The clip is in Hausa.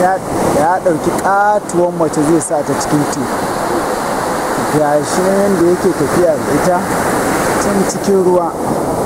ya ɗauki ƙatuwan mace zai sa ta cikin teku gashin yadda yake tafiya da ita can cikin ruwa